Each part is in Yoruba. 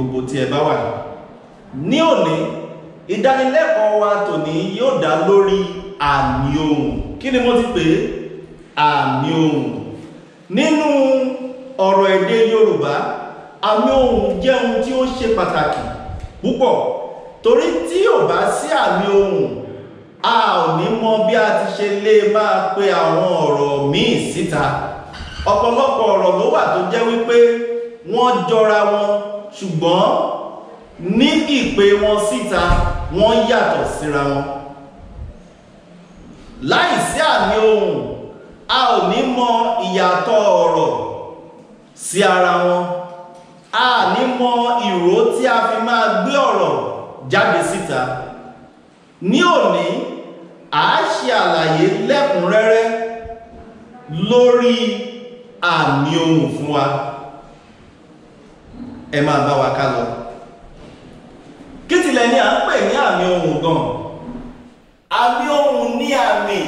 gbogbo tí ẹ bá wà ní òní ìdánilẹ́kọ̀ọ́ wa tòní yóò dá lórí àmì ohùn kí ni mo ti pè é àmì ohùn nínú ọ̀rọ̀ èdè Yorùbá àmì ohùn jẹ́ ohun tí ó ṣe pàtàkì púpọ̀ torí tí ò bá sí àmì ohùn a ò ní mọ bí a ti ṣe lè máa pe àwọn ọ̀rọ̀ míì síta ọ̀pọ̀lọpọ̀ ọ̀rọ̀ ló wà tó jẹ́ wípé wọ́n jọra wọn ṣùgbọ́n ní ìpè wọn síta wọ́n yàtọ̀ síra wọn láìsí àmì ohùn a ò ní mọ ìyàtọ̀ ọ̀rọ̀ sí ara wọn a ní mọ ìró tí a fi máa gbé ọ̀rọ̀ jáde síta ní òní a ṣe àlàyé lẹ́kùnrẹ́rẹ́ lórí àmì ohùn fún wa ẹ máa bá wa ká lọ kí tilẹ̀ ni à ń pè ní àmì ohùn gan àmì ohùn ní àmì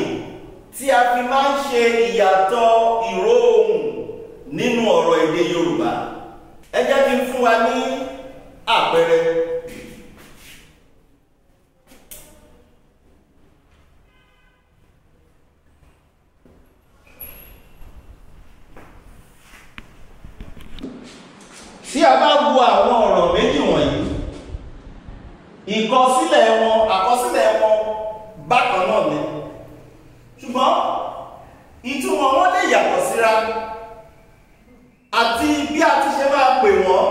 tí a fi máa ń ṣe ìyàtọ̀ ìró ohùn nínú ọ̀rọ̀ èdè Yorùbá ẹ jẹ́ kí n fún wa ní àpẹẹrẹ. àwọn ọ̀rọ̀ méjì wọ̀nyí ìkọsílẹ̀ wọn àkọsílẹ̀ wọn bákan náà ni ṣùgbọ́n ìtumọ̀ wọn lè yàtọ̀ síra àti bí a ti ṣe máa pè wọ́n.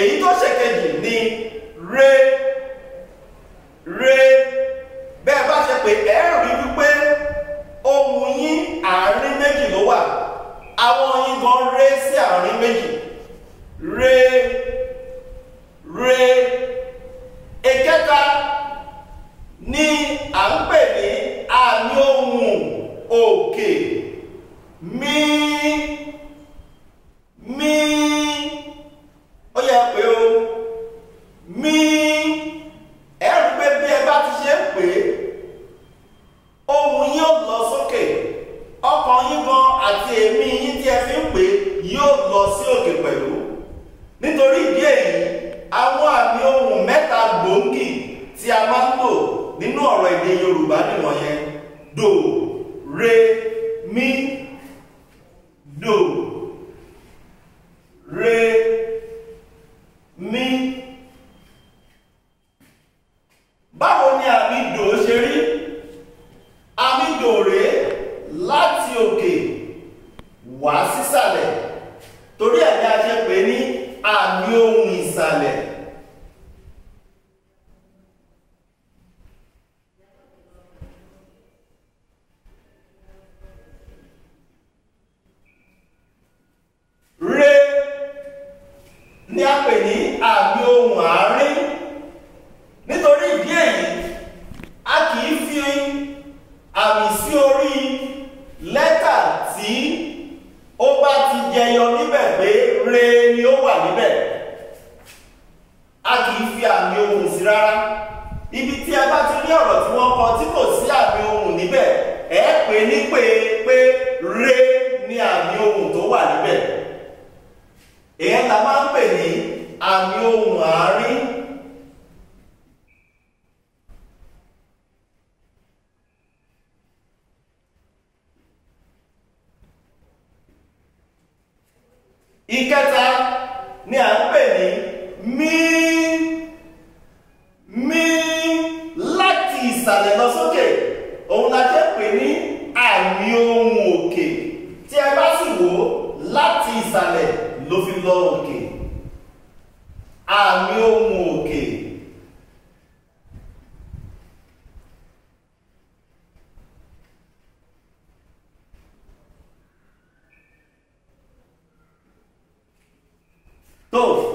èyí tó ṣèkejì ni re re bẹ́ẹ̀ bá ṣe pé ẹ rí wípé ohùn yín àárín méjì ló wà àwọn yín gan re sí àárín méjì re re ẹ̀kẹta ni à ń pè ní àmì ohùn òkè mi mi ó yẹ pé o mi ẹrù pé bí ẹ bá ti ṣe ń pè é ohun yóò lọ sókè ọkàn yín gan àti èémí yín tí ẹ fi ń pè é yóò lọ sí òkè pẹ̀lú nítorí ìdí èyí àwọn àmì ohun mẹ́ta gbòógì tí a máa ń lò nínú ọ̀rọ̀ èdè Yorùbá nìwọ̀nyẹn dò re ń pè ní àmì ohùn àárín Tô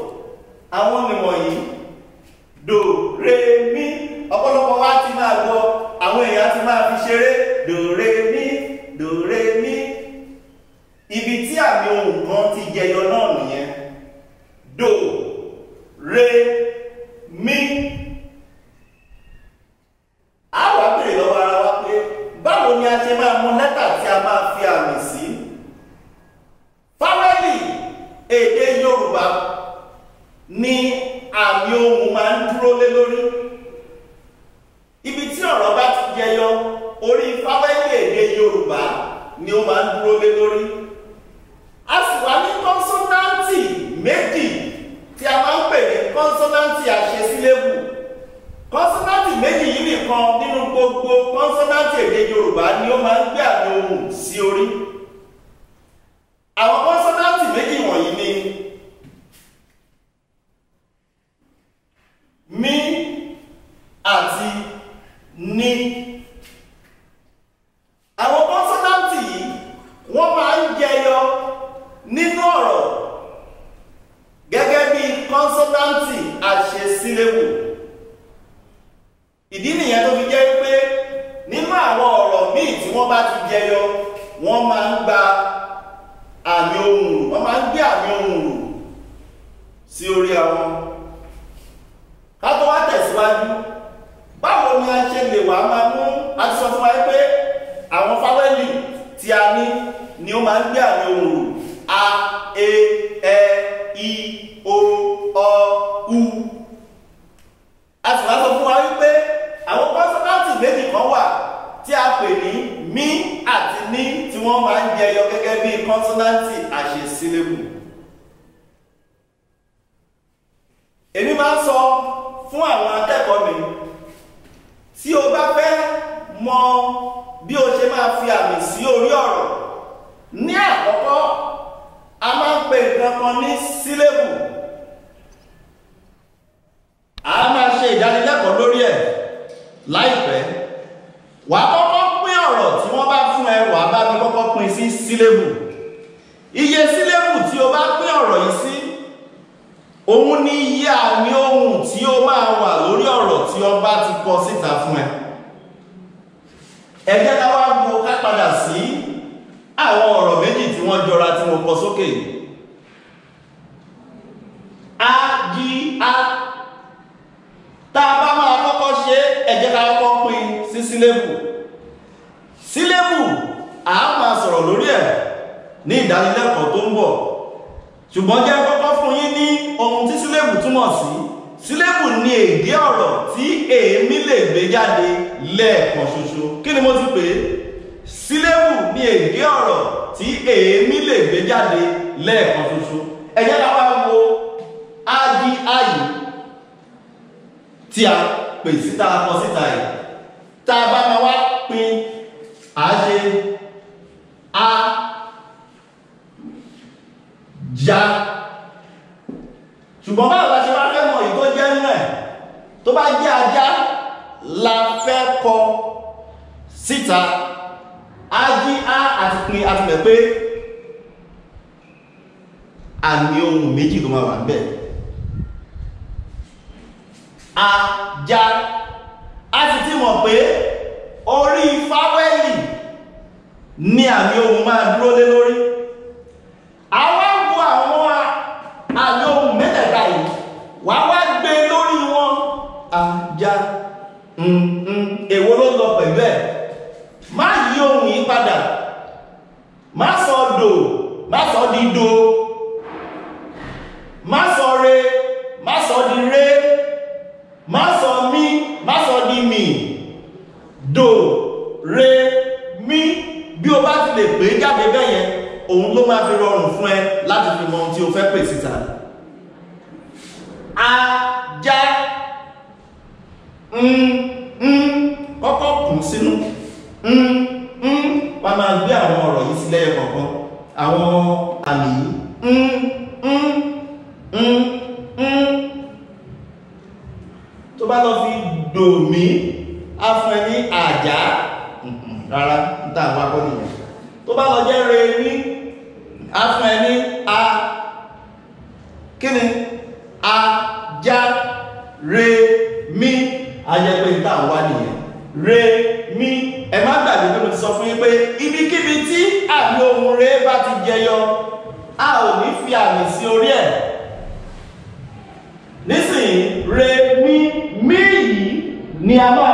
orí fáwẹ́lì èdè yorùbá ni ó máa ń dúró lé lórí a sì wá ní kọ́nsọ́náǹtì méjì tí a máa ń pè ní kọ́nsọ́náǹtì àṣesílẹ́wù kọ́nsọ́náǹtì méjì yìí nìkan nínú gbogbo kọ́nsọ́náǹtì èdè yorùbá ni ó máa ń gbé àmì ohùn sí orí àwọn kọ́nsọ́náǹtì méjì wọ̀nyí ni mi àti ni. qual wọ́n máa ń jẹyọ gẹ́gẹ́ bí kọ́nsọ́náǹtì àṣesílẹ̀mù èmi máa ń sọ fún àwọn akẹ́kọ̀ọ́ mi tí o bá fẹ́ mọ bí o ṣe máa fi àmì sí orí ọ̀rọ̀ ní àkọ́kọ́ a máa ń pe nǹkan kan ní sílẹ̀mù a máa ṣe ìdánilẹ́kọ̀ọ́ lórí ẹ̀ láìpẹ́ wàá kọ́ sí sílébù iye sílébù tí o bá pín ọ̀rọ̀ yìí sí òun ni iye àmì ohùn tí ó máa wà lórí ọ̀rọ̀ tí o bá ti kọ síta fún ẹ ẹ jẹ́ ká wá wo ká padà sí àwọn ọ̀rọ̀ méjì tí wọ́n jọra tí mo kọ sókè a jí a tá a bá máa kọ́kọ́ ṣe ẹ jẹ́ ká pín sí sílébù sílébù a máa sọ̀rọ̀ lórí ẹ̀ ní ìdánilẹ́kọ̀ọ́ tó ń bọ̀ ṣùgbọ́n jẹ́ kọ́kọ́ fún yín ní ohun tí sílébù túmọ̀ sí sílébù ni èdè ọ̀rọ̀ tí èémí lè gbé jáde lẹ́ẹ̀kan ṣoṣo kí ni mo ti pè é sílébù ni èdè ọ̀rọ̀ tí èémí lè gbé jáde lẹ́ẹ̀kan ṣoṣo ẹ jẹ́ ká wá wo ádí àyè tí a pè síta kọ síta yìí tá a bá máa wá pín àá ṣe ṣùgbọ́n báwo la ṣe máa fẹ́ mọ ìtọ́ jẹ́ nínú ẹ̀ tó bá jẹ́ ajá la fẹ́ kọ síta ají á àti pin àti mẹ̀ pé àmì ohun méjì tó máa wà ń bẹ̀ ajá a sì ti mọ̀ pé orí fáwẹ́lì ni àmì ohun máa dúró lé lórí kọ̀ọ̀kan sínú wọ́n máa gbé àwọn ọ̀rọ̀ yìí sílẹ̀ kọ̀ọ̀kan àwọn àmì yìí tó bá lọ fi dò mí á fún ẹ ní àjá rárá níta àwọn akọ́nìyàn tó bá lọ jẹ́ re mí á ní jẹyọ a ò ní fi àmì sí orí ẹ̀ nísìnyí re ní mí yìí ni a máa.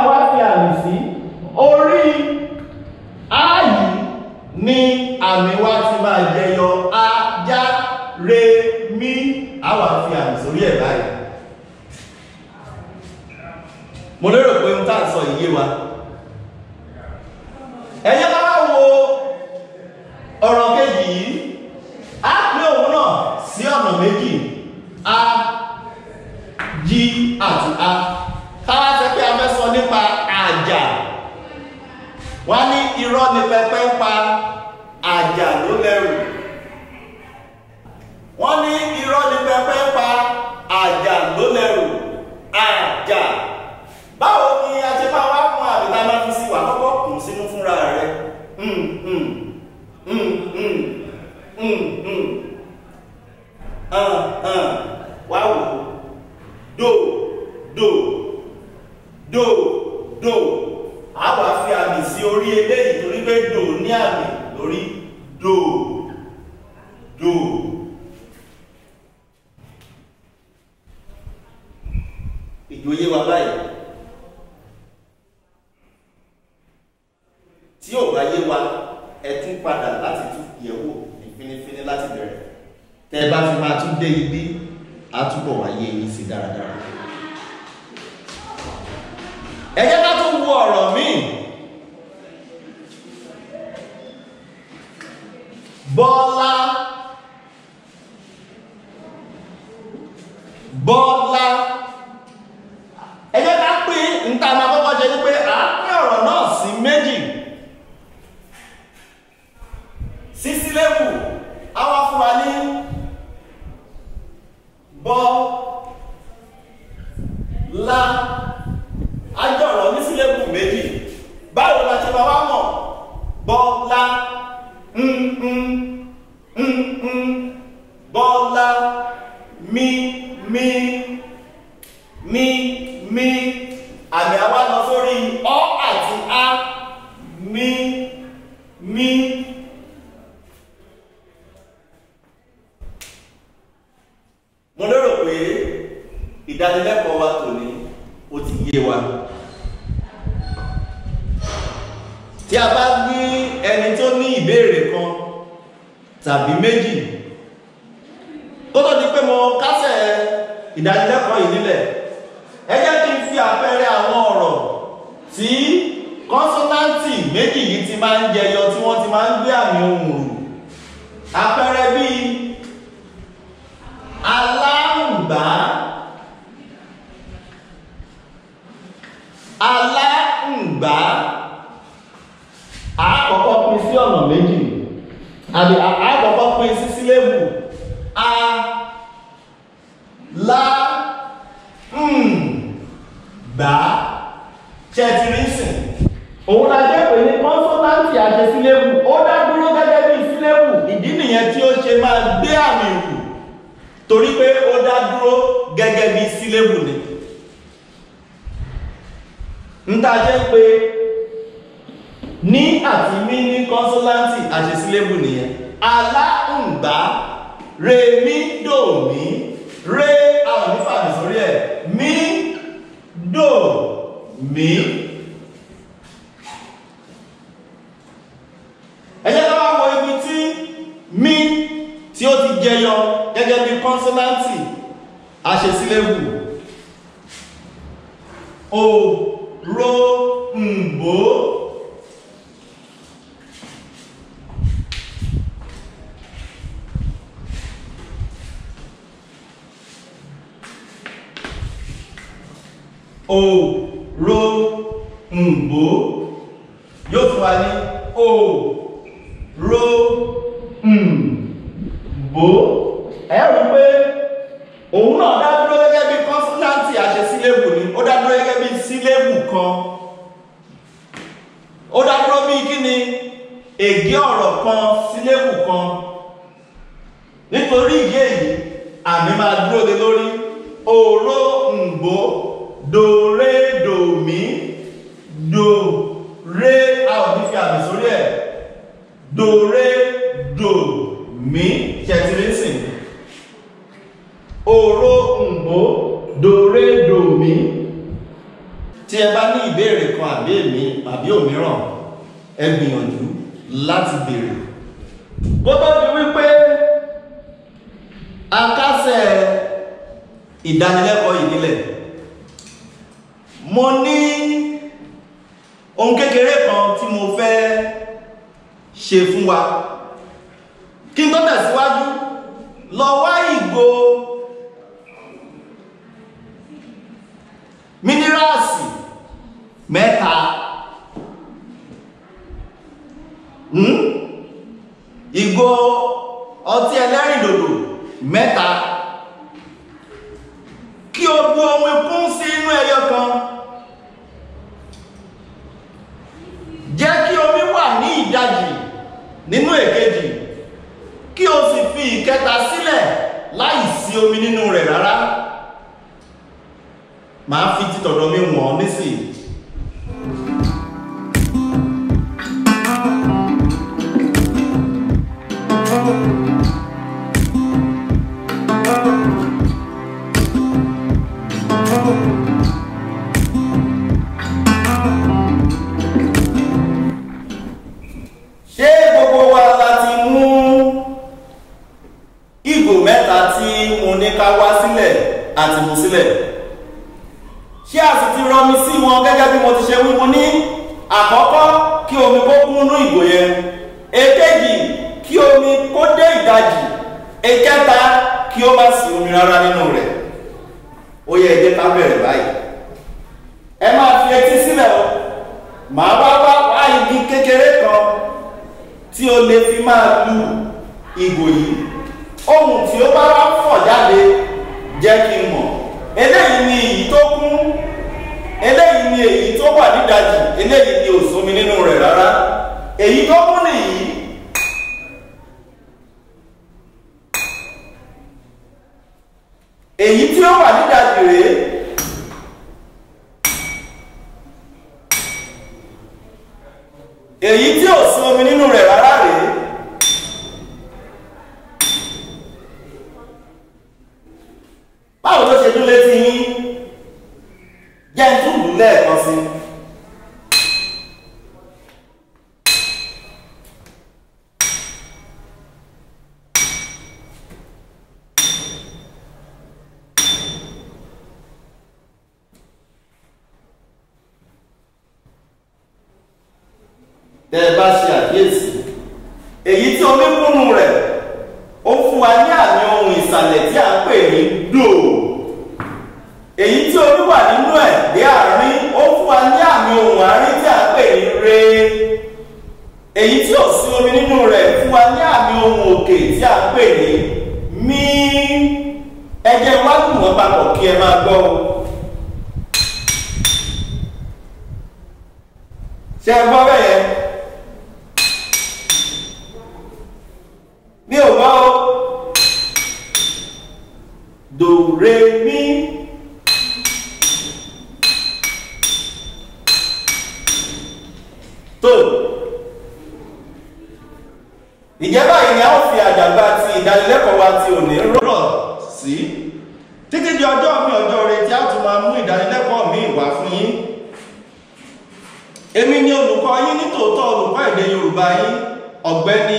tí ò bá yé wa ẹ tún padà láti tún yẹ̀wò ní fínífíní láti bẹ̀rẹ̀ tẹ́ bá fi máa tún dé ibi á túbọ̀ wá yé yín sí dáradára. ẹ jẹ́ ká tún wo ọ̀rọ̀ míì. Bọ́lá Bọ́lá. Love tàbí méjì kó tó di pé mo kásẹ̀ ìdánilẹ́kọ̀ọ́ yìí nílẹ̀ ẹ jẹ́ kí n fi àpẹẹrẹ àwọn ọ̀rọ̀ tí kọ́nsọ́tántì méjì yìí ti máa ń jẹyọ tí wọ́n ti máa ń gbé àmì ohùn rù àpẹẹrẹ bíi aláǹgbá aláǹgbá àkọ́kọ́ pín sí ọ̀nà méjì. agbakwa isi silebu a la m hmm, gbà chetiri nsìn òun la ní kọ́nsọ́tántì àṣẹ sílébù ó dá gẹ́gẹ́ bí sílébù ìdí nìyẹn tí ó ṣe máa gbé àmì ìwù torí pé ó dá gẹ́gẹ́ bí sílébù ni ń ta jẹ́ pé ní àti mí ní kọ́nsọ́láǹtì àṣesílébù nìyẹn aláǹgbá rèmí dòmí ré àwọn onífàmì sórí ẹ̀ mí dòmí. ẹ jẹ́ ká wá wo ibi tí mí tí ó ti jẹyọ gẹ́gẹ́ bí kọ́nsọ́láǹtì àṣesílébù o ro. òòró ǹbó yóò fún wa ní òòró ǹbó ẹ rí pé òun náà dá dúró gẹ́gẹ́ bí kọ́ńsítáǹtì àṣẹ sílébù ni ó dá dúró gẹ́gẹ́ bí sílébù kan ó dá dúró bí kí ni ègé ọ̀rọ̀ kan sílébù kan nítorí ìdí èyí àmì máa dúró de lórí òòró ǹbó do re do mi do re ohun kékeré kan tí mo fẹ́ ṣe fún wa kí n tó tẹ̀síwájú lọ wá ìgò mínírààsì mẹ́ta hmm? ìgò ọtí ẹlẹ́rìndòdò mẹ́ta kí o bu ohun ikún sí inú ẹyọ kan nínú èkejì kí o sì fi ìkẹta sílẹ̀ láì sí omi nínú rẹ̀ rárá màá fi títọ̀dọ̀ mi wọ̀n nísìnyí ìkẹta kí o má sí omi rárá nínú rẹ ó yẹ ẹjẹ́ ká bẹ̀rẹ̀ báyìí ẹ máa fi etí sílẹ̀ o màá wá wá wá kan tí o lè fi máa lu ìgò ohun tí o bá wá fọ̀ jáde jẹ kí mọ̀ eléyìí ni èyí tó kún eléyìí ni èyí tó wà eléyìí ni nínú rárá èyí tó kún nìyí èyí tí ó wà nídàájú rèé èyí tí ò sí omi nínú rẹ̀ rárá. orí wà nínú ẹ̀gbẹ́ àárín ó fún wa ní àmì ohùn àárín tí a pè ní re èyí tí ò sí omi nínú rẹ̀ fún wa ní àmì ohùn òkè tí a pè ní mí ẹ wá kù wọ́n papọ̀ kí ẹ máa gbọ́ o. ṣe é gbọ́ bẹ́ẹ̀ yẹn. mi ò gbọ́ o. do re mi. ìjẹ́ báyìí ni a ó fi àjàgbá ti ìdánilẹ́kọ̀ọ́ wa ti òní rọ̀ sí títí di ọjọ́ mi ọjọ́ rẹ tí a tún máa mú ìdánilẹ́kọ̀ọ́ mi wá fún yín èmi ni olùkọ́ yín nítòótọ́ olùkọ́ èdè Yorùbá yín ọ̀gbẹ́ni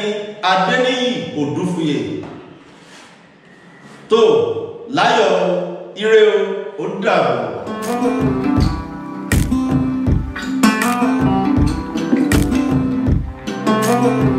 Adéníyì Òdúfuyè tó láyọ̀ ire ó dàbọ̀. thank you